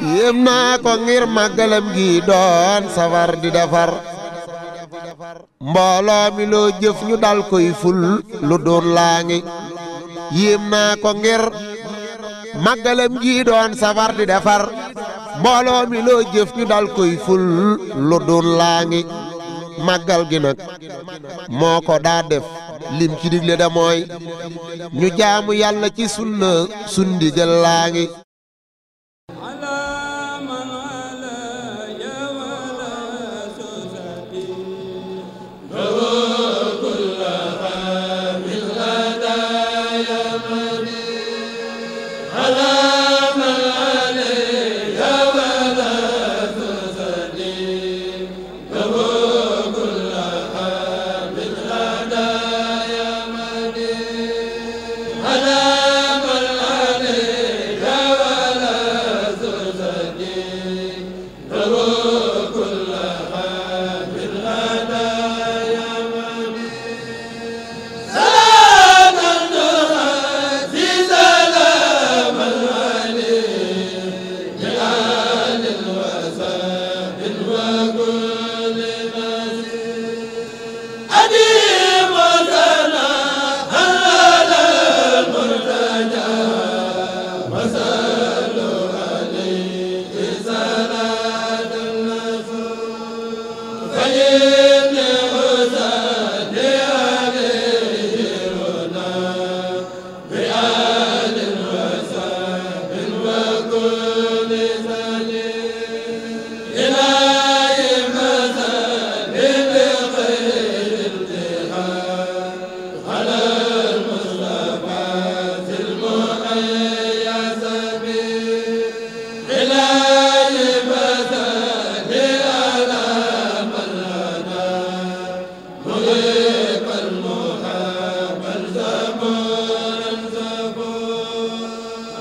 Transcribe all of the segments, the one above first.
yéem naa ko ngir màggalam gi doon safar di defar mbooloo mi loo jëf ñu dal koy ful lu doon laa ngi yéem naa ko ngir màggalam gi doon safar di defar mbooloo mi loo jëf ñu dal koy ful lu doon laa ngi màggal gi nag moo ko daa def lim ci digle da ñu jaamu yàlla ci sunna sun laa ngi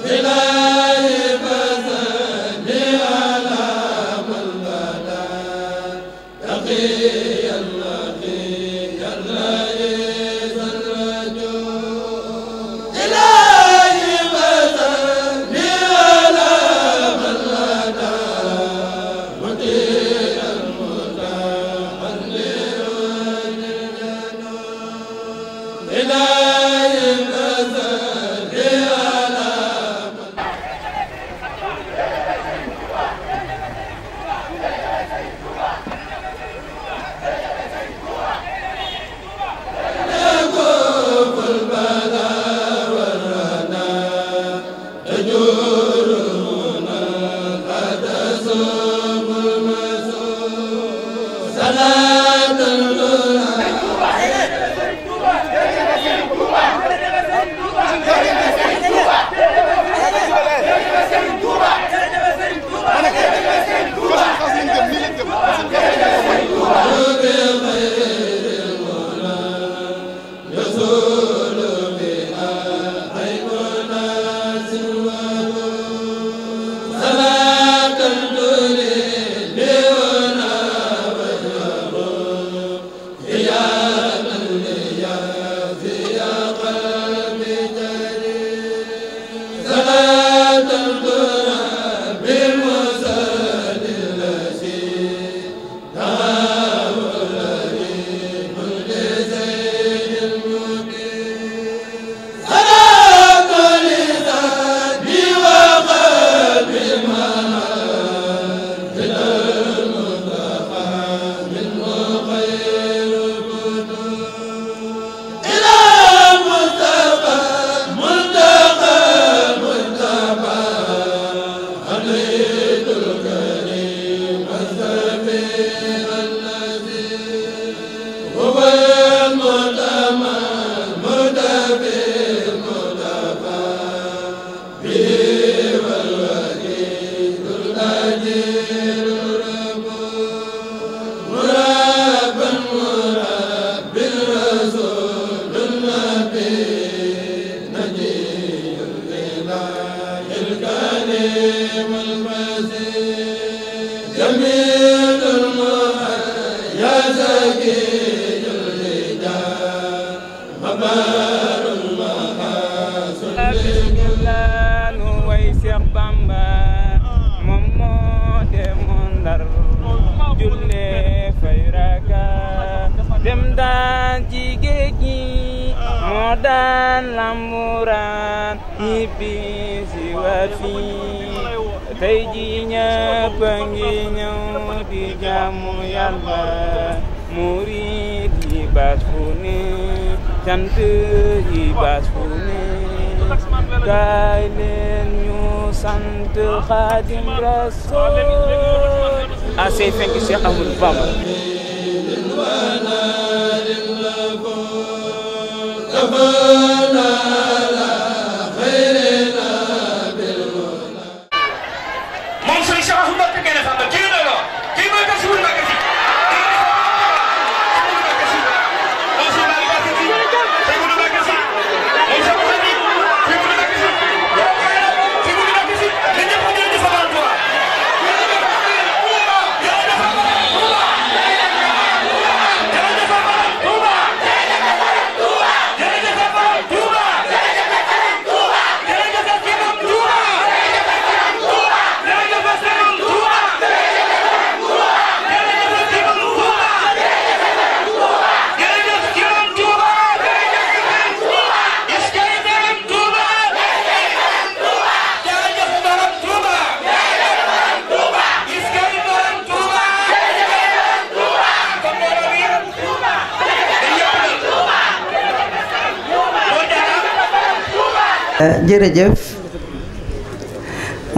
ila sant Xaadim Rasul à ah, say fenk Cheikh Ahmadou Bamba Dafa jërëjëf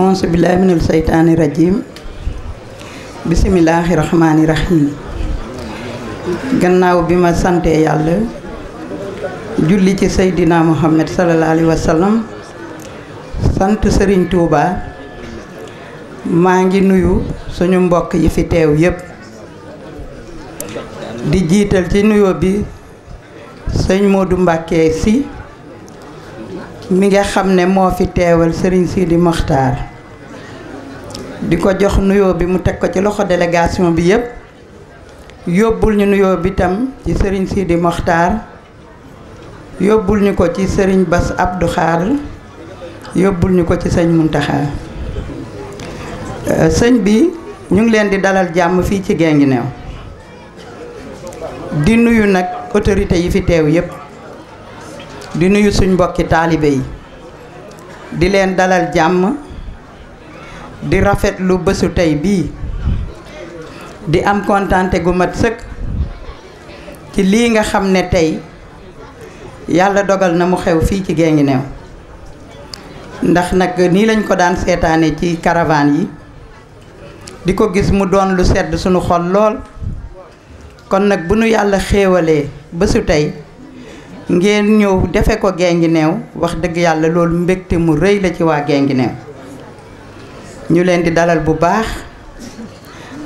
onsu billahi minal seytaani rajim bisimilahi rahmaani rahim gannaaw bi ma sante yàlla julli ci seydina muhammad sallallahu alayhi wa sallam sant sëriñ tuuba maa ngi nuyu suñu mbokk yi fi teew yépp di jiital ci nuyoo bi sëñ Modou Mbacké si mi nga xam ne moo fi teewal Serigne Sidi Mokhtar di ko jox nuyoo bi mu teg ko ci loxo délégation bi yëpp yóbbul ñu nuyoo bi itam ci Serigne Sidi Mokhtar yóbbul ñu ko ci sëriñ Bass Abdou Khadre yóbbul ñu ko ci sëñ Muntaxa euh, sëñ bi ñu ngi leen di dalal jàmm fii ci Guinguinéo di nuyu nag autorité yi fi teew yëpp. di nuyu suñ mbokki taalibe yi di leen dalal jàmm di rafet lu bésu tey bii di am kontante gu mat sëkk ci lii nga xam ne tey yàlla dogal na mu xew fii ci Guinguinéo ndax nag nii lañ ko daan seetaane ci caravane yi di ko gis mu doon lu sedd suñu xol lool kon nag bu nu yàlla xéewalee bésu tey ngeen ñëw defe ko Guinguinéo wax dëgg yàlla loolu mbégte mu rëy la ci waa Guinguinéo ñu leen di dalal bu baax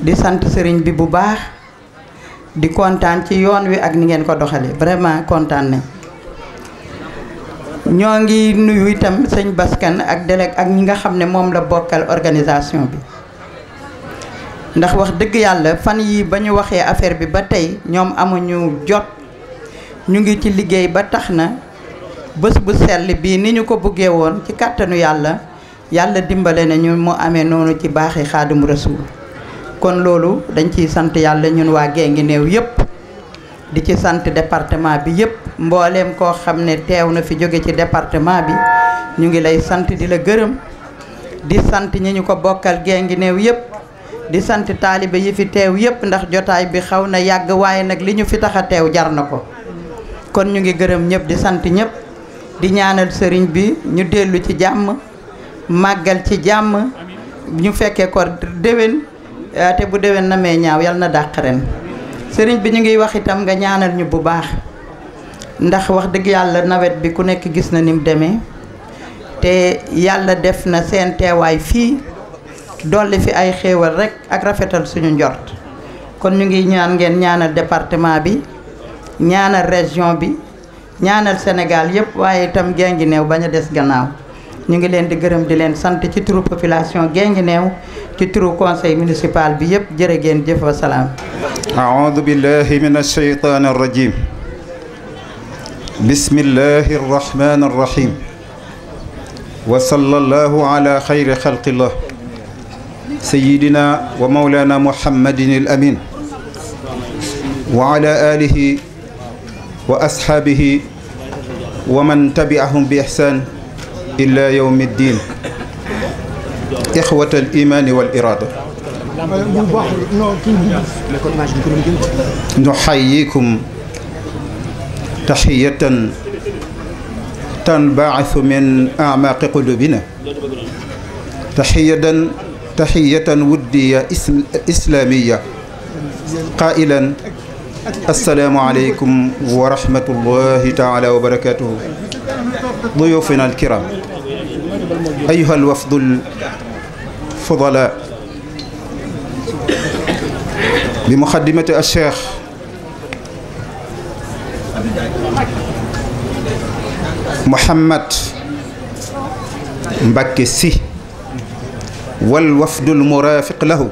di sant sëriñ bi bu baax di kontaan ci yoon wi ak ni ngeen ko doxale vraiment kontaan nañ ñoo ngi nuyu itam sëñ Baskan ak delek ak ñi nga xam ne moom la bokkal organisation bi ndax wax dëgg yàlla fan yi ba ñu waxee affaire bi ba tey ñoom amuñu jot ñu ngi ci liggéey ba tax na bés bu sell bii ni ñu ko buggee woon ci kàttanu yàlla yàlla dimbale na ñu mu amee noonu ci baaxi xaadimu rasuul kon loolu dañ ciy sant yàlla ñun waa Guinguinéo yëpp di ci sant département bi yëpp mbooleem koo xam ne teew na fi jóge ci département bi ñu ngi lay sant di la gërëm di sant ñi ñu ko bokkal gee ngi Guinguinéo yëpp di sant taalibe yi fi teew yëpp ndax jotaay bi xaw na yàgg waaye nag li ñu fi tax a teew jar na ko kon ñu ngi gërëm ñëpp di sant ñëpp di ñaanal sëriñ bi ñu dellu ci jàmm màggal ci jàmm ñu fekkee ko déwén eh, te bu déwén na ñaaw yal na dàq ren sëriñ bi ñu ngiy wax itam nga ñaanal ñu bu baax ndax wax dëgg yàlla nawet bi ku nekk gis na ni mu demee te yàlla def na seen teewaay fii dolli fi ay xéewal rekk ak rafetal suñu njort kon ñu ngi ñaan ngeen ñaanal département bi ñaanal région bi ñaanal Sénégal yëpp waaye itam Guinguinéo bañ a des gannaaw ñu ngi leen di gërëm di leen sant ci turu ngi Guinguinéo ci turu conseil municipal bi yëpp jërë ngeen jëf wa salaam. aoudu billahi min ashaytaani rajim bismillahi rahmaani rahim wa sallallahu ala xayri xalqillah sayidina wa mawlana muhammadin al amin wa ala alihi wa asxaabihi wa man tabi'ahum bi ixsaan ila yowmi ddin ixwata al imaani wal iraada nuxayikum taxiyatan tanbaasu min amaaqi qulubina taxiyatan taxiyatan wuddiya islaamiya qaa'ilan asalaamualeykum wa rahmatullahi taala wa barakatuhu duyufina alkiram ayuha alwafdu alfudala bi muqaddimati alcheikh Mouhamad Mbacké Sy wal wafdu almurafiq lahu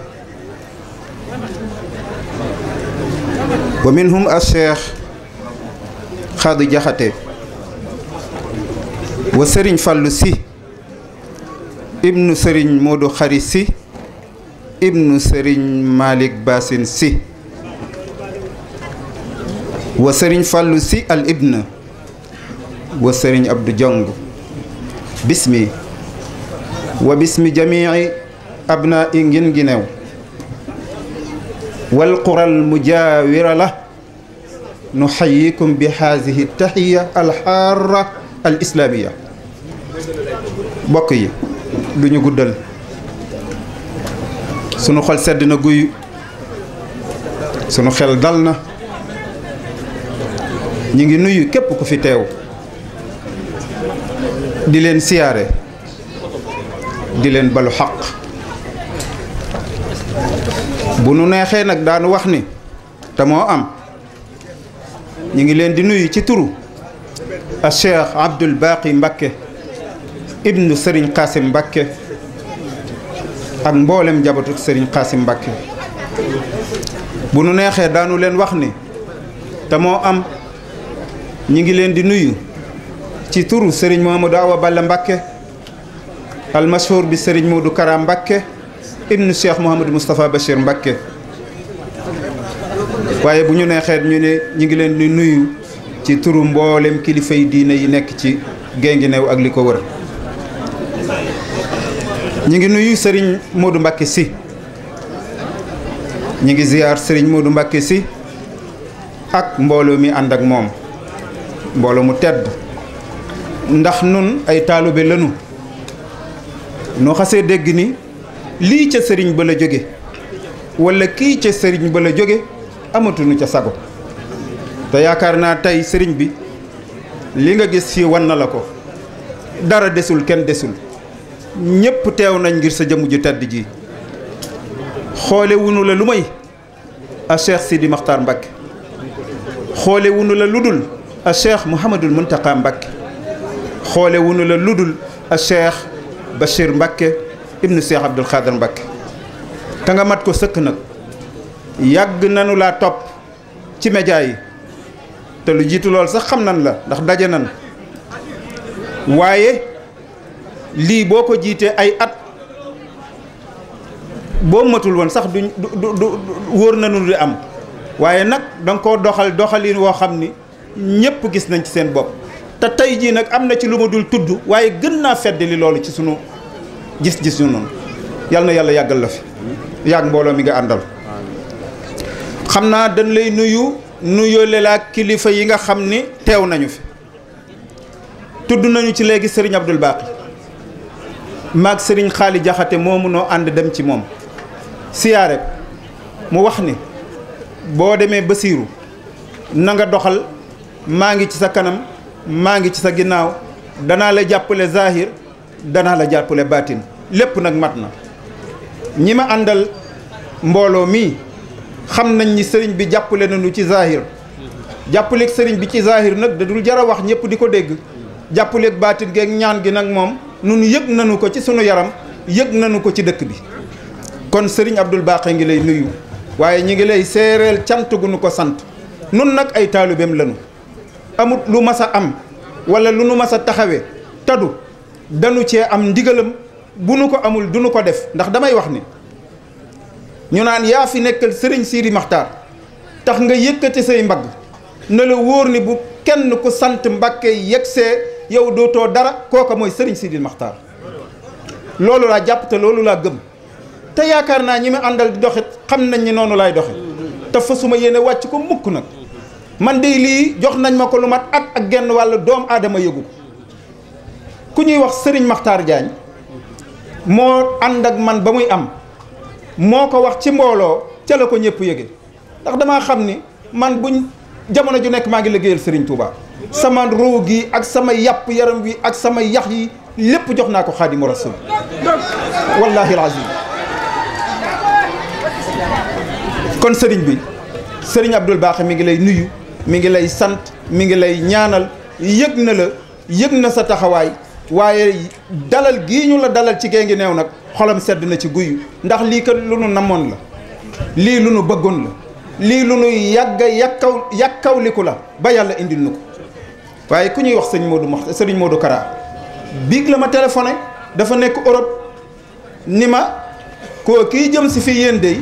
wa minhum acheikh xaadu jaxate wa sëriñ fàllu si ibnu sëriñ moodu xari si ibnu sëriñ malik basin si wa sëriñ fàllu si al ibn wa sëriñ abdu jong bismi wa bismi jamii abna i ngin gineew والقرى المجاورة له نحييكم بهذه التحية الحارة الإسلامية bokk yi ñu guddal sunu xol sedd na guy sunu xel dal na ñu ngi nuyu képp ku fi teew di leen siyaare di leen balu xaq bu nu neexee nag daanu wax ni te moo am ñu ngi leen di nuyu ci turu a cheikh abdul baqi mbakke ibnu sëriñ xaasim mbakke ak mboolem jabatu sëriñ xaasim mbakke bu nu neexee daanu leen wax ni te moo am ñu ngi leen di nuyu ci turu sëriñ Mamadou Awa Balla Mbakke almashhur bi sëriñ Modou Kara Mbakke ibnu cheikh Mouhamadou Moustapha Bachir Mbacké waaye bu ñu neexee ñu ne ñu ngi leen di nuyu ci turu mboolem kilifay diine yi nekk ci Guinguinéo ak li ko wër ñu ngi nuyu Serigne Modou Mbacké si ñu ngi ziar Serigne Modou Mbacké si ak mbooloo mi ànd ak moom mbooloo mu tedd ndax nun ay taalibe lanu noo xasee dégg ni lii ca sëriñ ba la jóge walla kii ca sëriñ ba la jóge amatuñu ca sago te yaakaar naa tey sëriñ bi li nga gis fii wan na la ko dara desul kenn desul ñépp teew nañ ngir sa jëmm ju tedd ji xoole wunu la lu may a cheikh Sidi Maxtaar Mbacke xoole wunu la ludul a cheikh Mouhamadul Muntaqa Mbacke xoole wunu la ludul a cheikh Bachir Mbacke ibnu Cheikh Abdoul Khadir Mbacké te nga mat ko sëkk nag yàgg nanu laa topp ci média yi te lu jiitu lool sax xam nan la ndax daje nan waaye lii boo ko jiitee ay at boo matul woon sax duñ du du wóor nanu di am waaye nag danga ko doxal doxalin woo xam ni ñépp gis nañ ci seen bopp te tey jii nag am na ci lu ma dul tudd waaye gën naa fedd li loolu ci sunu gis-gis yu noonu yal na yàlla yàggal la fi yàgg mbooloo mi nga àndal xam naa dañ lay nuyu nuyoole laa kilifa yi nga xam ni teew nañu fi tudd nañu ci léegi sëriñ Abdul Baqi maag sëriñ Xaali Jaxate moo noo ànd dem ci moom siyaare mu wax ni boo demee Basiiru na nga doxal maa ngi ci sa kanam maa ngi ci sa ginnaaw danaa la jàppale zahir danaa la jàppale baatin lépp nag mat na ñi ma àndal mbooloo mi xam nañ ni sëriñ bi na nañu ci zahir jàppaleeg sëriñ bi ci zahir nag dadul dul jar a wax ñëpp di ko dégg jàppaleeg baatin geeg ñaan gi nag moom nun yëg nañu ko ci sunu yaram yëg nañu ko ci dëkk bi kon sëriñ Abdul Baqi ngi lay nuyu waaye ñi ngi lay séeréel cant gu nu ko sant nun nag ay taalibeem lanu amut lu mas a am walla lu nu mas a taxawe tadu danu cee am ndigalam bu nu ko amul du nu ko def ndax damay wax ni ñu naan yaa fi nekkal sëriñ Sidi Maxtaar tax nga yëkkate say mbagg na la wóor ni bu kenn ku sant Mbàkke yegsee yow dootoo dara kooka mooy sëriñ Sidi Maxtaar loolu laa jàpp te loolu laa gëm te yaakaar naa ñi ma àndal di doxit xam nañ ni noonu laay doxe te fasuma yéene wàcc ko mukk nag man de lii jox nañ ma ko lu mat at ak genn wàllu doom aadama yëgu ko ku ñuy wax sëriñ maxtar Jaañ moo ànd ak man ba muy am moo ko wax ci mbooloo ca la ko ñëpp yëge ndax damaa xam ni man buñ jamono ju nekk maa ngi liggéeyal sëriñ Touba sama ruu gi ak sama yàpp yaram wi ak sama yax yi lépp jox naa ko xaadimu rasul wallahi alazim kon sëriñ bi Serigne Abdoul baax mi ngi lay nuyu mi ngi lay sant mi ngi lay ñaanal yëg na la yëg na sa taxawaay waaye dalal gii ñu la dalal ci gée ngi neew nag xolam sedd na ci guyu ndax lii kat lu nu namoon la lii lu nu bëggoon la lii lu nu yàgga yàkkaw yàkkawliku la ba yàlla indil nu ko waaye ku ñuy wax sëñ Modou Mox sëriñ Modou Kara biig la ma téléphoné dafa nekk Europe ni ma koo kii jëm si fii yéen day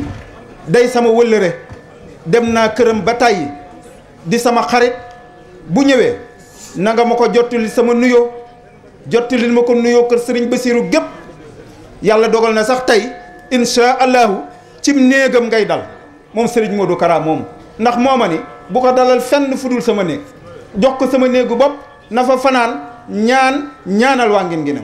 day sama wëllëre dem naa këram ba tàyyi di sama xarit bu ñëwee nanga ma ko jottali sama nuyoo jottali ma ko nuyoo kër sëriñ Basiiru gépp yàlla dogal na sax tey insha allahu cim néegam ngay dal moom sëriñ Modou Kara moomu ndax mooma ni bu ko dalal fenn fu dul sama néeg jox ko sama néegu bopp na fa fanaan ñaan ñaanal waa ngi ginew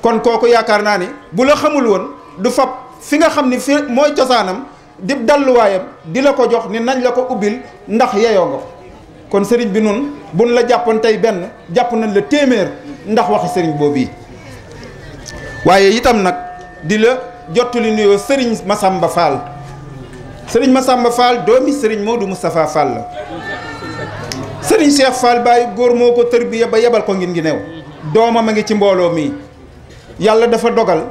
kon kooku yaakaar naa ni bu la xamul woon du fab fi nga xam ni fi mooy cosaanam di dalluwaayam di la ko jox ni nañ la ko ubbil ndax yeyoo nga ko kon sëriñ bi nun buñ la jàppoon tey benn jàpp nañ la téeméer ndax waxi sëriñ boobu yi waaye itam nag di la jottali nuyoo sëriñ Masamba Fall sëriñ Masamba Fall doomi sëriñ Modou Moustapha Fall la sëriñ Cheikh Fall bàyyi góor moo ko tërbiya ba yebal ko ngin ngi new doomam a ngi ci mbooloo mi yàlla dafa dogal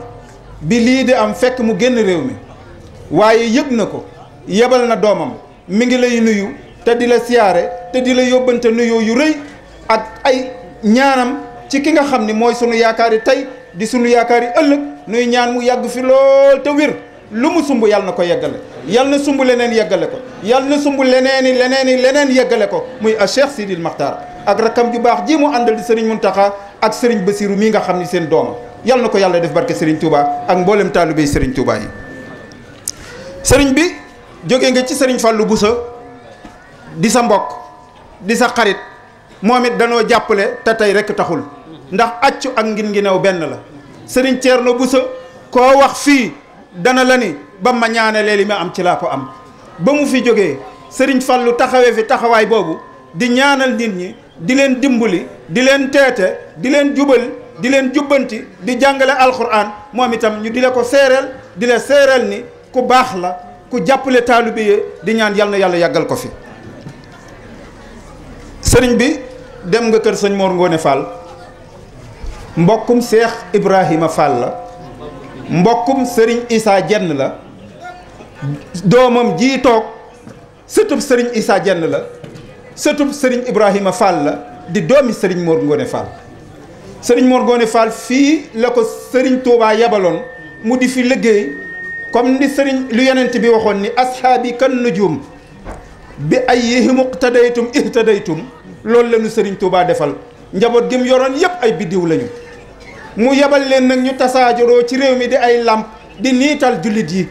bi lii di am fekk mu génn réew mi waaye yëg na ko yebal na doomam mi ngi lay nuyu te di la siyaare te di la yóbbante nuyoo yu rëy ak ay ñaanam ci ki nga xam ni mooy sunu yaakaari tey di sunu yaakaari ëllëg nuy ñaan mu yàgg fi lool te wir lu mu sumb yàlla na ko yeggale yàlla na sumb leneen yeggale ko yàlla na sumb leneeni leneeni leneen yeggale ko muy a Cheikh Sidil Maxtaar ak rakkam ju baax ji mu àndal di sëriñ Muntaxa ak sëriñ Basiru mii nga xam ni seen dooma yàlla na ko yàlla def barke sëriñ Touba ak mboolem taalibey sëriñ Touba yi sëriñ bi jóge nga ci sëriñ Fallou Boussa di sa mbokk di sa xarit moom danoo jàppale te tey rekk taxul ndax accu ak ngin ngi new benn la sëriñ Thierno Bousso koo wax fii dana la ni ba ma ñaanalee li ma am ci laa ko am ba mu fi jógee sëriñ Fallu taxawee fi taxawaay boobu di ñaanal nit ñi di leen dimbali di leen teete di leen jubal di leen jubbanti di jàngale alxuraan moom itam ñu di la ko seereel di la seereel ni ku baax la ku jàppale taalibe yi di ñaan yal yàlla yàggal ko fi sëriñ bi dem nga kër sëñ Mor Ngone Fall mbokkum seex Ibrahima Fall la mbokkum sëriñ Issa jenn la doomam jii toog sëtub sëriñ Issa jenn la sëtub sëriñ Ibrahima Fall la di doomi sëriñ Mor Ngone Fall sëriñ Mor Ngone Fall fii la ko sëriñ Touba yabaloon mu di fi liggéey comme ni sëriñ lu yonent bi waxoon ni ashaabi kan nujum bi ay ayyihim iqtadaytum ihtadaytum loolu la ñu sëriñ Touba defal njaboot gi mu yoroon yépp ay biddiw lañu mu yebal leen nag ñu tasaajaroo ci réew mi di ay làmp di niital jullit yi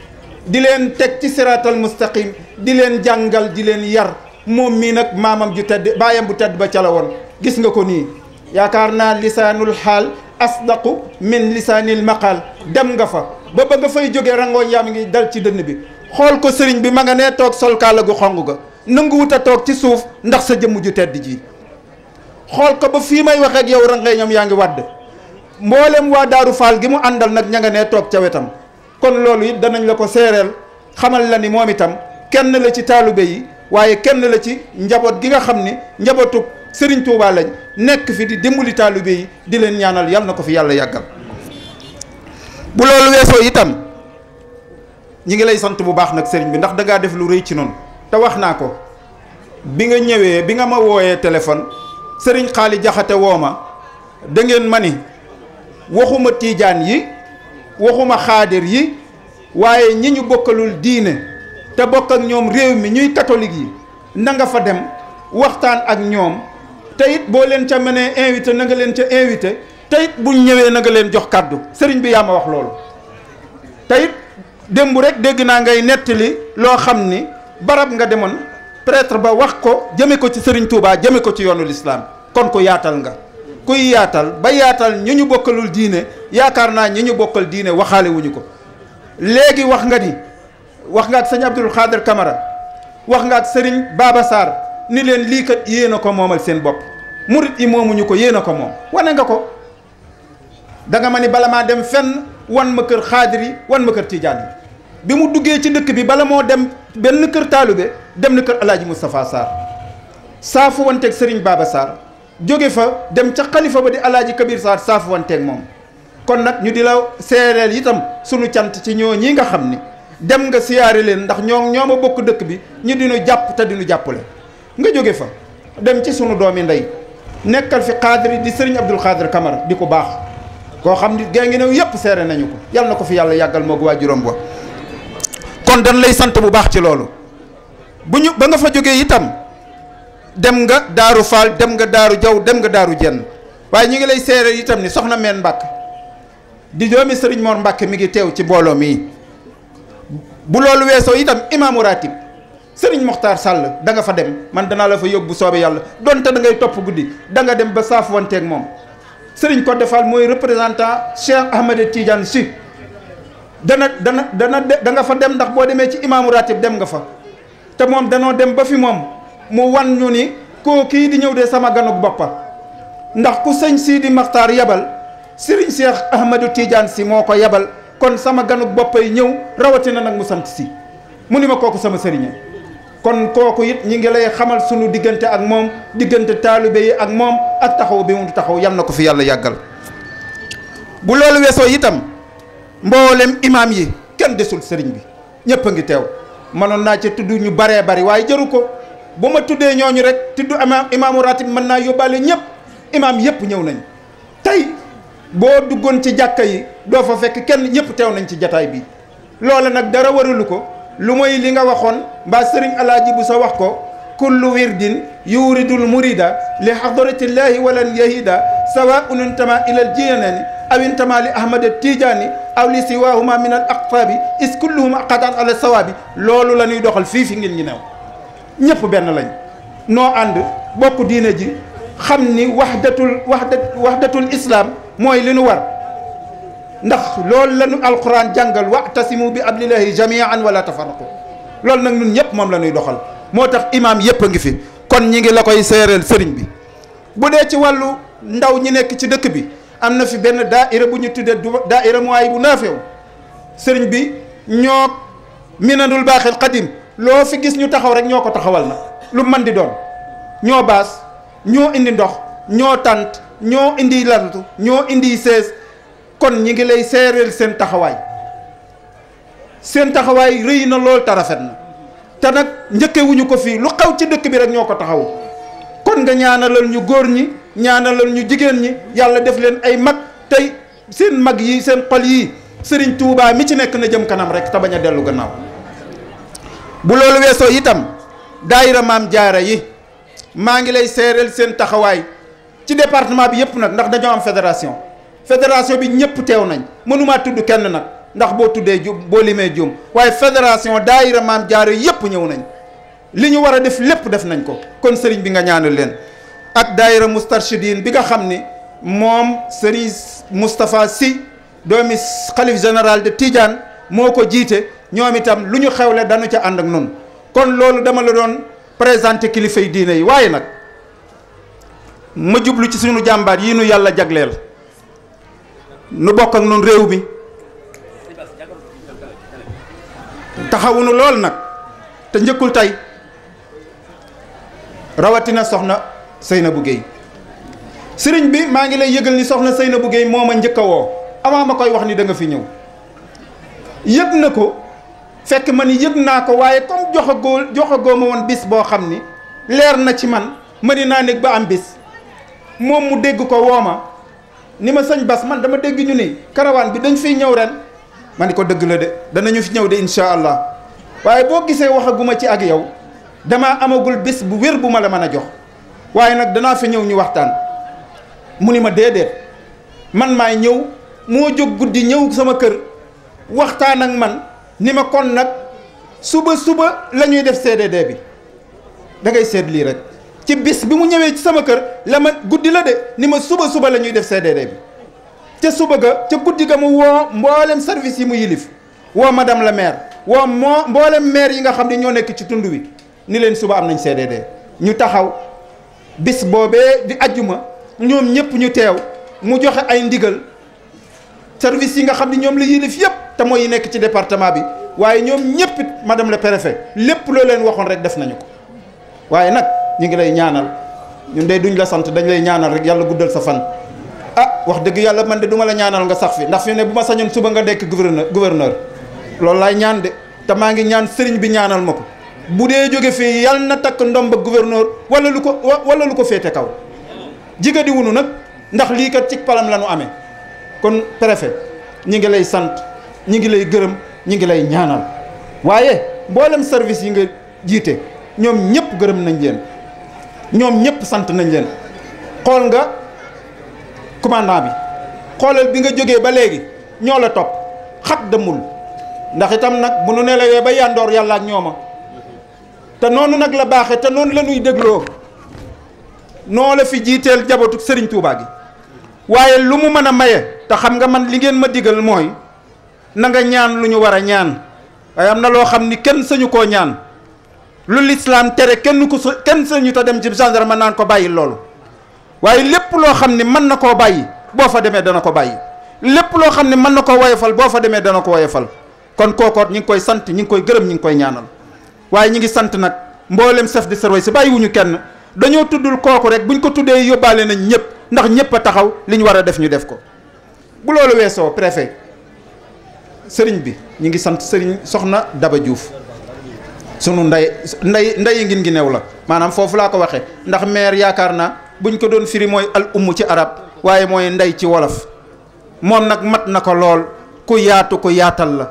di leen teg ci siraatal mustaqim di leen jàngal di leen yar moom mii nag maamam ju tedd baayam bu tedd ba ca la woon gis nga ko nii yaakaar naa lisaanul xaal asdaqu min lisaanil maqaal dem nga fa ba ba nga fay jóge rangooñ yaam ngi dal ci dënn bi xool ko sëriñ bi ma nga nee toog sol gu xong ga nanguwut a toog ci suuf ndax sa jëmm ju tedd ji xool ko ba fii may wax ak yow rangeeñam yaa ngi wàdd mboolem waa daaru faal gi mu àndal nag ña nga ne toog ca wetam kon loolu it danañ la ko seereel xamal la ni moom itam kenn la ci taalibe yi waaye kenn la ci njaboot gi nga xam ni njabootu sëriñ Touba lañ nekk fi di dimbali taalibe yi di leen ñaanal yal na ko fi yàlla yàggal bu loolu weesoo itam ñi ngi lay sant bu baax nag sëriñ bi ndax dangaa def lu rëy ci noonu te wax naa ko bi nga ñëwee bi nga ma wooyee téléphone sëriñ xaali jaxate woo ma da ngeen waxuma tiijaan yi waxuma xaadir yi waaye ñi ñu bokkalul diine te bokk ak ñoom réew mi ñuy catholique yi na nga fa dem waxtaan ak ñoom te it boo leen ca mënee invité na leen ca invité te it buñ ñëwee na nga leen jox kàddu sëriñ bi yaa ma wax loolu te it démb rek dégg naa ngay nettali loo xam ni barab nga demoon prêtre ba wax ko jëme ko ci sëriñ Touba jëme ko ci yoonu lislaam kon ko yaatal nga kuy yaatal ba yaatal ñu ñu bokkalul diine yaakaar naa ñu ñu bokkal diine waxaale wuñu ko léegi wax nga ni wax nga ak sëñ Abdul Xaadir Kamara wax nga sëriñ Baba ni leen liikat kat yéen a ko moomal seen bopp murit yi moomuñu ko yéen a ko moom wane nga ko danga ma ni bala maa dem fenn wan ma kër xaadir yi wan ma kër tijaan yi bi mu duggee ci dëkk bi bala moo dem benn kër taalibe dem na kër Alaaji Moustapha Sarr saafu wanteeg sëriñ Baba jóge fa dem ca xalifa ba di alaaji kabir saar saafu wanteeg moom kon nag ñu di la seereel itam sunu cant ci ñoo ñi nga xam ni dem nga siyaare leen ndax ñoo ñoo ma bokk dëkk bi ñu dina jàpp te diñu jàppale nga jóge fa dem ci sunu doom yi ndey nekkal fi xaadir di sëriñ abdul xaadir kamara di ko baax koo xam ni gée ngi new yëpp seere nañu ko yal na ko fi yàlla yàggal moo waa juróom ba kon dañ lay sant bu baax ci loolu bu ñu ba nga fa jógee itam dem nga daaru faal dem nga daaru jaw dem nga daaru jenn waaye ñu ngi lay seere itam ni soxna meen mbàkk di doomi sëriñ moor Mbàkke mi ngi teew ci mbooloo mi bu loolu weesoo itam imaamu ratib sëriñ Moxtaar Sàll da nga fa dem man danaa la fa yóbbu soobe yàlla donte da ngay topp guddi da nga dem ba saaf wanteeg moom sëriñ Codé defal mooy représentant Cheikh Ahmed Tidiane Sy dana dana dana da nga fa dem ndax boo demee ci imaamu ratib dem nga fa te moom danoo dem ba fi moom mu wan ñu ni koo kii di ñëw de sama ganuk boppa ndax ku sëñ Sidi Maxtaar yabal sëriñ Cheikh Ahmadou Tidiane si moo ko yabal kon sama ganuk boppay ñëw rawatina nag mu sant si mu ni ma kooku sama sëriña kon kooku it ñi ngi lay xamal sunu diggante ak moom diggante taalibe yi ak moom ak taxaw bi mu taxaw yam na ko fi yàlla yàggal bu loolu weesoo itam mboolem imaam yi kenn desul sëriñ bi ñëpp a ngi teew mënoon naa ci tudd ñu baree bari waaye jaru ko bu ma tuddee ñooñu rek tudd imaam imaamu ratib mën naa yóbbaale ñëpp imaam yëpp ñëw nañ tey boo duggoon ci jàkka yi doo fa fekk kenn ñëpp teew nañ ci jataay bi loole nag dara waralu ko lu mooy li nga waxoon mbaa sëriñ alaaji bu sa wax ko kullu wirdin yuridul murida li xadratillahi walan yahida sawaun intama ila al jinani aw intama li ahmada tijaani aw li siwahuma min al aqtaabi is kulluhum aqatan ala sawaabi loolu la ñuy doxal fii fi ngeen ñu ñépp benn lañ noo ànd bokk diine ji xam ni waxdatul waxda waxdatul islam mooy li nu war ndax lool lanu ñu alquran jàngal wa'tasimu bi hablillahi jamian wala tafarraqu lool nag ñun ñëpp moom la doxal moo tax imaam yëpp a ngi fi kon ñi ngi la koy séeréel sëriñ bi bu dee ci wàllu ndaw ñi nekk ci dëkk bi am na fi benn daaira bu ñu tuddee daaira mooy bu naafew sëriñ bi ñoo minanul baaxil qadim loo fi gis ñu taxaw rek ñoo ko taxawal na lu man di doon ñoo baas ñoo indi ndox ñoo tànt ñoo indi laltu ñoo indi sees kon ñi ngi lay seereel seen taxawaay seen taxawaay rëy na lool te rafet na te nag njëkkewuñu ko fii lu xaw ci dëkk bi rek ñoo ko taxawu kon nga ñaanalal ñu góor ñi ñaanalal ñu jigéen ñi yàlla def leen ay mag tey seen mag yi seen xol yi Sëriñ Tuubaa mi ci nekk na jëm kanam rek te bañ a dellu gannaaw bu loolu weesoo itam daayira maam jaara yi maa ngi lay seereel seen taxawaay ci département bi yëpp nag ndax dañoo am fédération fédération bi ñëpp teew nañ mënumaa tudd kenn nag ndax boo tuddee jum boo limee jum waaye fédération daayira maam jaara yëpp ñëw nañ li ñu war a def lépp def nañ ko kon sëriñ bi nga ñaanal leen ak daayira Moustarchidine bi nga xam ni moom sëriñ Moustapha Sy doomi xalif général de Tidiane moo ko jiite ñoom itam lu ñu xewle dañu ca ànd ak noonu kon loolu dama la doon présenté kilifa yi diine yi waaye nag ma jublu ci sunu jàmbaar yi nu yàlla jagleel nu bokk ak noonu réew mi taxawunu lool nag te njëkkul tey rawatina soxna sëy Seynabou Guèye sëriñ bi maa ngi lay yëgal ni soxna Seynabou Guèye moo ma njëkk a woo avant ma koy wax ni danga fi ñëw yëg na ko. fekk man yëg naa ko waaye comme joxagoo joxagoo ma woon bis boo xam ni leer na ci man mëni naa nekk ba am bis moom mu dégg ko woo ma ni ma sëñ Bas man dama dégg ñu ni karawaan bi dañ fiy ñëw ren ma ni ko dëgg la de danañu fi ñëw de incha allah waaye boo gisee waxaguma ci ak yow damaa amagul bis bu wér bu ma la mën a jox waaye nag danaa fi ñëw ñu waxtaan mu ni ma déedéet man maay ñëw moo jóg guddi ñëw sama kër waxtaan ak man. ni ma kon nag suba suba la ñuy def CDD bi da ngay seet lii rek ci bis bi mu ñëwee ci sama kër la ma guddi la de ni ma suba suba la ñuy def CDD bi ca suba ga ca guddi ga mu woo mboolem service yi mu yilif woo madame la maire woo moo mboolem maire yi nga xam ne ñoo nekk ci tund wi ni leen suba am nañ CDD ñu taxaw bis boobee di ajjuma ñoom ñëpp ñu teew mu joxe ay ndigal service yi nga xam ne ñoom la yilif yëpp te mooy nekk ci département bi waaye ñoom ñëpp it madame le préfet lépp loo leen waxoon rek def nañu ko waaye nag ñu ngi lay ñaanal ñun de duñ la sant dañ lay ñaanal rek yàlla guddal sa fan. ah wax dëgg yàlla man de duma la ñaanal nga sax fi ndax fi ne bu ma sañoon suba nga nekk gouverneur gouverneur loolu laay ñaan de te maa ngi ñaan sëriñ bi ñaanal ma ko bu dee jóge fii yal na takk ndomba gouverneur wala lu ko wala lu ko féete kaw jigéen nag ndax lii kat ci palam la ñu amee. kon préfet ñi ngi lay sant ñi ngi lay gërëm ñi ngi lay ñaanal waaye mboolem service yi nga jiite ñoom ñëpp gërëm nañ leen ñoom ñëpp sant nañ leen xool nga commandant bi xoolal bi nga jógee ba léegi ñoo la topp xat demul ndax itam nag bu nu nelawee ba yàndoor yàlla ak ñooma te noonu nag la baaxee te noonu la ñuy dégloo noo la fi jiiteel jabootu sëriñ Touba gi waaye lu mu mën a maye. te xam nga man li ngeen ma digal mooy na nga ñaan lu ñu war a ñaan waaye am na loo xam ni kenn sañu koo ñaan lu lislaam tere kenn ko sa kenn sañu te dem ci gendarme naan ko bàyyi loolu waaye lépp loo xam ni mën na koo bàyyi boo fa demee dana ko bàyyi lépp loo xam ne mën na ko woyofal boo fa demee dana ko woyofal kon kookoot ñi ngi koy sant ñi ngi koy gërëm ñi ngi koy ñaanal waaye ñi ngi sant nag mboolem chef de service si bàyyiwuñu kenn dañoo tuddul kooku rek buñ ko tuddee yóbbaale nañ ñëpp ndax ñëpp a taxaw li ñu war a def ñu def ko bu loolu weesoo préfet sëriñ bi ñu ngi sant sëriñ soxna Daba juuf sunu nday ndey nday ngin ngi new la maanaam foofu laa ko waxee ndax maire yaakaar naa buñ ko doon firi mooy al umm ci arab waaye mooy ndey ci wolof moom nag mat na ko lool ku yaatu ku yaatal la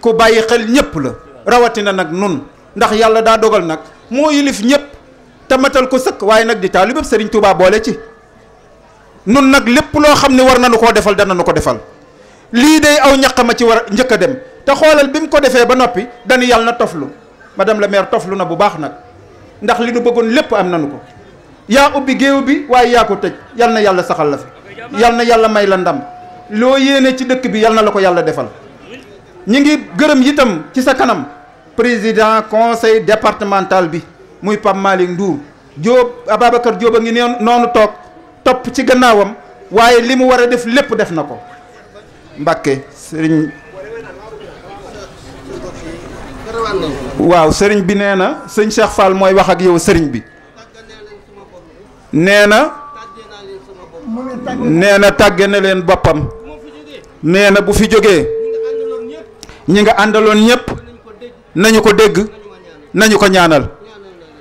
ku bàyyi xel ñëpp la rawatina nag nun ndax yàlla daa dogal nag moo yilif ñëpp te matal ko sëkk waaye nag di taalibeeb sëriñ Touba boole ci nun nag lépp loo xam ne war nañu koo defal dana danañu ko defal lii day aw ñax ñaqama ci war njëkk a dem te xoolal bi mu ko defee ba noppi dañu yàlla na toflu madame la maire toflu na bu baax nag ndax li nu bëggoon lépp am nanu ko yaa ubbi géew bi waaye yaa ko tëj yal na yàlla saxal la fi yal na yàlla may la ndam loo yéene ci dëkk bi yal na la ko yàlla defal ñi ngi gërëm itam ci sa kanam président conseil départemental bi muy Pape Malick Ndour Diop Ababacar Diop a ngi noonu toog topp ci gannaawam waaye li mu war a def lépp def na ko mbakke sëriñ waaw sëriñ bi nee na sëñ Cheikh mooy wax ak yow sëriñ bi nee na nee na tàgge ne leen boppam nee na bu fi jógee ñi nga àndaloon ñëpp nañu ko dégg nañu ko ñaanal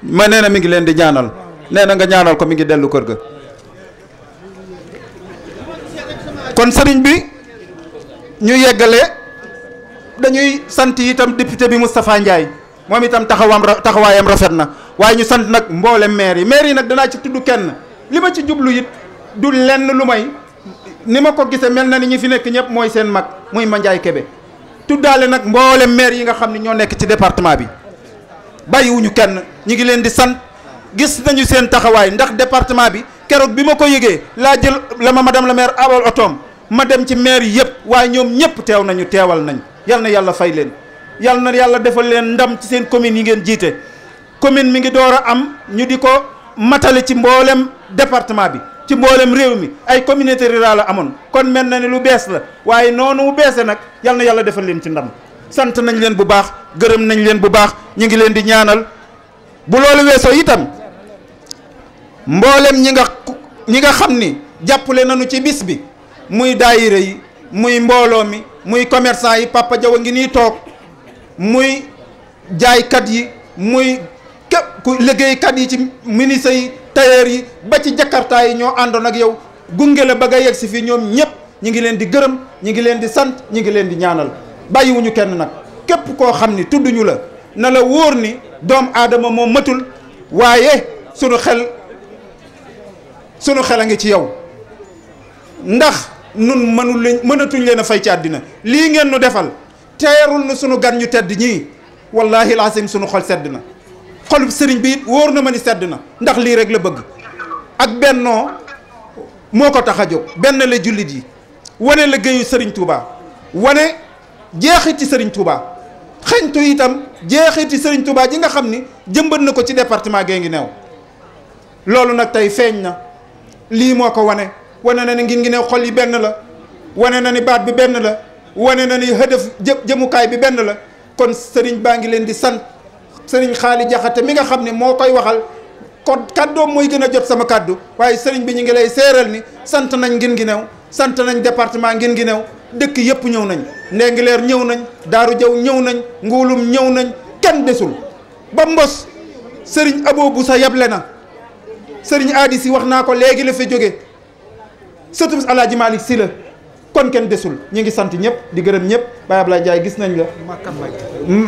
ma nee na mi ngi leen di ñaanal nee na nga ñaanal ko mi ngi dellu kër ga kon sëriñ bi ñu yeggale dañuy sant itam député bi Moustapha Ndiaye moom itam taxawaam taxawaayam rafet na waaye ñu sant nag mboolem maire yi maire yi nag danaa ci tudd kenn li ma ci jublu it du lenn lu may ni ma ko gisee mel na ni ñi fi nekk ñëpp mooy seen mag muy Mandiaye Kébé tuddaale nag mboolem maire yi nga xam ne ñoo nekk ci département bi bàyyiwuñu kenn ñu ngi leen di sant gis nañu seen taxawaay ndax département bi keroog bi ma ko yëgee laa jël la ma ma dem la maire abal otoom ma dem ci maire yëpp waaye ñoom ñëpp teew nañu teewal nañ yal na yàlla fay leen yal na yàlla defal leen ndam ci seen commune yi ngeen jiite commune mi ngi door a am ñu di ko matali ci mbooleem département bi ci mboolem réew mi ay communauté rurale la amoon kon mel na ne lu bees la waaye noonu mu beese nag yal yàlla defal leen ci ndam sant nañ leen bu baax gërëm nañ leen bu baax ñu ngi leen di ñaanal bu loolu itam mboolem ñi nga ñi nga xam ni jàppale nañu ci bis bi muy daayira yi muy mbooloo mi muy commerçant yi Papa Jaw a ngi nii toog muy jaaykat yi muy képp ku liggéeykat yi ci ministre yi tailleur yi ba ci jakartaa yi ñoo àndoon ak yow gunge la ba nga yegg si fii ñoom ñëpp ñi ngi leen di gërëm ñi ngi leen di sant ñi ngi leen di ñaanal bàyyiwuñu kenn nag képp koo xam ni tudduñu la na la wóor ni doomu aadama moom matul waaye sunu xel sunu xel a ngi ci yow ndax nun mënul mënatuñ leen a fay ci àddina lii ngeen nu defal teerul na sunu gan ñu tedd ñii wallaahi laasim sunu xol sedd na xolub sëriñ bi wóor na ma ni sedd na ndax lii rek la bëgg ak bennoo moo ko tax a jóg benn la jullit yi wane liggéeyu sëriñ Touba wane jeexiti sëriñ Touba xeñtu itam ci sëriñ Touba ji nga xam ni jëmbat na ko ci département gee ngi new loolu nag tey feeñ na lii moo ko wane wane na ni ngin ngi ne xol yi benn la wane na ni baat bi benn la wane na ni hëdëf jëmukaay bi benn la kon sëriñ baa ngi leen di sant sëriñ xaali jaxate mi nga xam ne moo koy waxal kon kàddoom mooy gën a jot sama kàddu waaye sëriñ bi ñu ngi lay seeral ni sant nañ ngin ngi new sant nañ département ngin ngi new dëkk yëpp ñëw nañ Ndingler ñëw nañ Daaru Jaw ñëw nañ Nguulum ñëw nañ kenn desul ba mbos sëriñ Aboo sa yable na sëriñ aadi si wax naa ko léegi la fa jóge sëtu alaaji Malick si la kon kenn desul ñu ngi sant ñëpp di gërëm ñëpp Baye Ablaye Ndiaye gis nañ la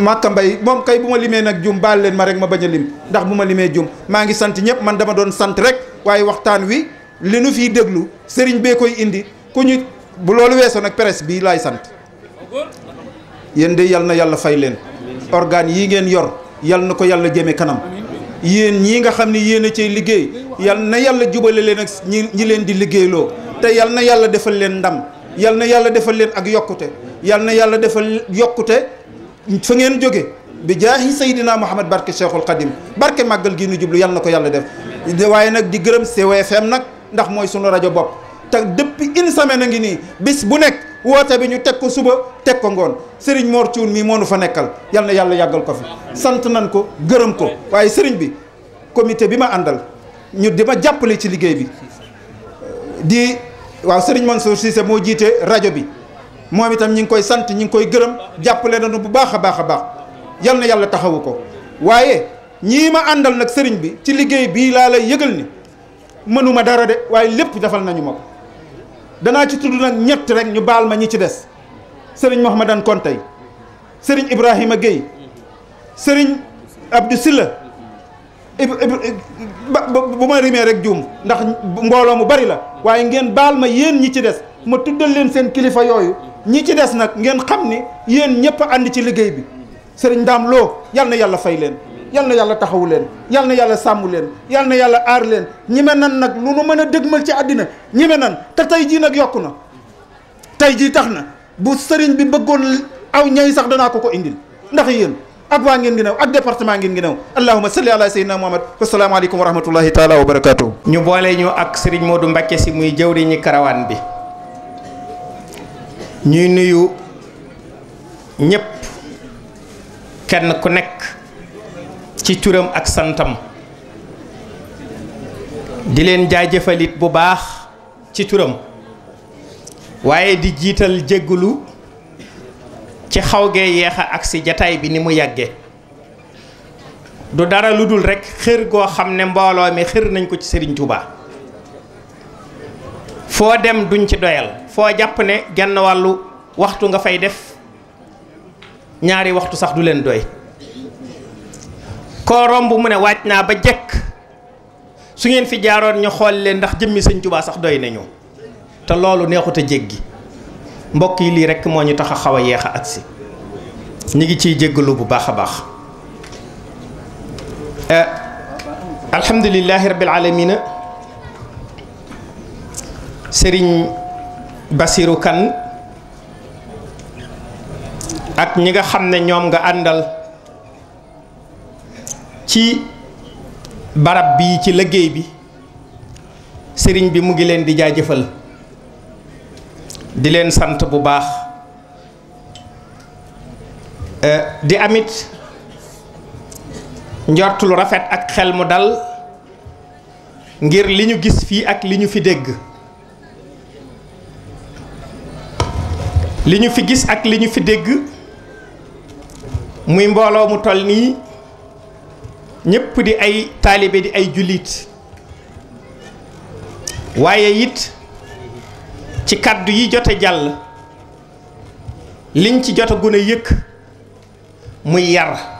Makka Mbay moom kay bu ma limee nag jum baal leen ma rek ma bañ a lim ndax bu ma limee jum maa ngi sant ñëpp man dama doon sant rek waaye waxtaan wi li nu fiy déglu sëriñ bee koy indi ku ñu bu loolu weesoon nag presse bii laay sant yéen de yal na yàlla fay leen organes yi ngeen yor yal na ko yàlla jëme kanam yéen ñii nga xam ne yéen a cay liggéey yal na yàlla jubale leen ak ñi ñi leen di liggéeyloo te yal na yàlla defal leen ndam yal na yàlla defal leen ak yokkute yal na yàlla defal yokkute fa ngeen jóge bi jaahi Seydina Mouhamed barke Cheikhul Khadim barke màggal gi nu jublu yal na ko yàlla def waaye nag di gërëm CWFM nag ndax mooy sunu rajo bopp te depuis une semaine a ngi nii bis bu nekk. woote bi ñu teg ko suba teg ko ngoon Serigne Mor Thioune mii moo nu fa nekkal yal na yàlla yàggal ko fi sant nañ ko gërëm ko waaye Serigne bi comité bi ma àndal ñu di ma jàppale ci liggéey bi di waaw man Mansour Cissé moo jiite rajo bi moom itam ñi ngi koy sant ñi ngi koy gërëm jàppale na nañu bu baax a baax a baax yal na yàlla taxawu ko waaye ñii ma àndal nag Serigne bi ci liggéey bii laa lay yëgal ni mënuma dara de waaye lépp defal nañu ma ko. danaa ci tudd nag ñett rek ñu baal ma ñi ci des sëriñ Mouhamadane Kontey sëriñ Ibrahima Guèye sëriñ Abdou Silla bu ma rimee rek juum ndax mbooloo mu bari la waaye ngeen baal ma yéen ñi ci des ma tuddal leen seen kilifa yooyu ñi ci des nag ngeen xam ni yéen ñëpp ànd ci liggéey bi sëriñ Ndaam Lo yal na yàlla fay leen yal na yàlla taxawu leen yal na yàlla sàmm leen yal na yàlla aar leen ñime nan nag lu nu mën a dëgmal ci àddina ñime nan te tey jii nag yokk na tey jii tax na bu sëriñ bi bëggoon aw ñay sax danaa ko ko indil ndax yéen ak waa ngeen ngi new ak département ngeen ngi new allahuma salli ala sayyidina muhammad wasalaamaaleykum wa rahmatullahi taala wa barakatuh ñu boole ñu ak sëriñ Modou Mbacké si muy jëwriñu karawaan bi ñuy nuyu ñépp kenn ku nekk ci turam ak santam di leen jaajëfalit bu baax ci turam waaye di jiital jéggulu ci xaw gee yeexa ak si jataay bi ni mu yàggee du dara lu dul rekk xër goo xam ne mbooloo mi xër nañ ko ci Sëriñ Tuuba foo dem duñ ci doyal foo jàpp ne genn wàllu waxtu nga fay def ñaari waxtu sax du leen doy koo romb mu ne waaj naa ba jekk su ngeen fi jaaroon ñu xool leen ndax jëmmi sëñ Tuubaa sax doy nañu te loolu neexut a jéggi mbokk yi lii rekk moo ñu tax a xaw a yeex a agsi ñu ngi ciy jéggalu bu baax a baax eh, alhamdulillahi rabbil alamina sëriñ Basiru Kan ak ñi nga xam ne ñoom nga àndal ci barab bii ci liggéey bi sëriñ bi mu ngi leen di jaajëfal di leen sant bu baax euh, di amit njort lu rafet ak xel mu dal ngir li ñu gis fii ak li ñu fi dégg li ñu fi gis ak li ñu fi dégg muy mbooloo mu toll nii ñëpp di ay taalibe di ay jullit waaye it ci kàddu yi jote jàll liñ ci jot a gën a yëkk muy yar